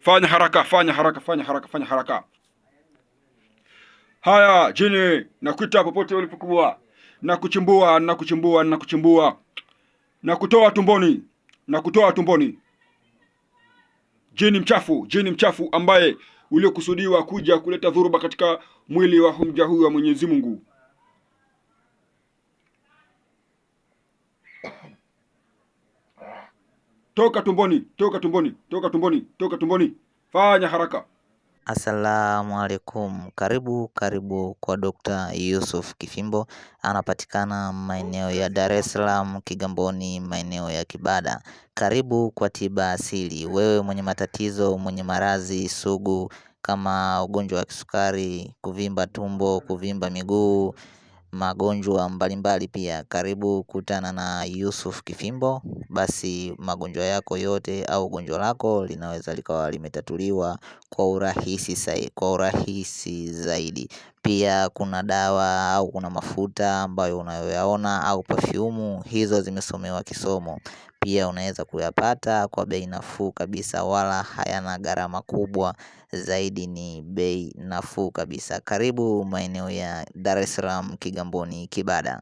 fanya haraka, fanya haraka, fanya haraka, fanya haraka. Haya jini, nakuita popote ulipokuwa, nakuchimbua, nakuchimbua, nakuchimbua, nakutoa tumboni, nakutoa tumboni. Jini mchafu, jini mchafu ambaye uliokusudiwa kuja kuleta dhuruba katika mwili wa humja huyu wa Mwenyezi Mungu. toka tumboni, toka tumboni, toka tumboni, toka tumboni, fanya haraka. Asalamu alaikum, karibu karibu kwa Dr. Yusuf Kifimbo. Anapatikana maeneo ya Dar es Salaam, Kigamboni, maeneo ya Kibada. Karibu kwa tiba asili. Wewe mwenye matatizo, mwenye maradhi sugu kama ugonjwa wa kisukari, kuvimba tumbo, kuvimba miguu magonjwa mbalimbali pia. Karibu kutana na Yusuf Kifimbo, basi magonjwa yako yote au gonjwa lako linaweza likawa limetatuliwa kwa urahisi, kwa urahisi zaidi. Pia kuna dawa au kuna mafuta ambayo unayoyaona au pafyumu hizo zimesomewa kisomo. Pia unaweza kuyapata kwa bei nafuu kabisa wala hayana gharama kubwa zaidi ni bei nafuu kabisa. Karibu maeneo ya Dar es Salaam, Kigamboni, Kibada.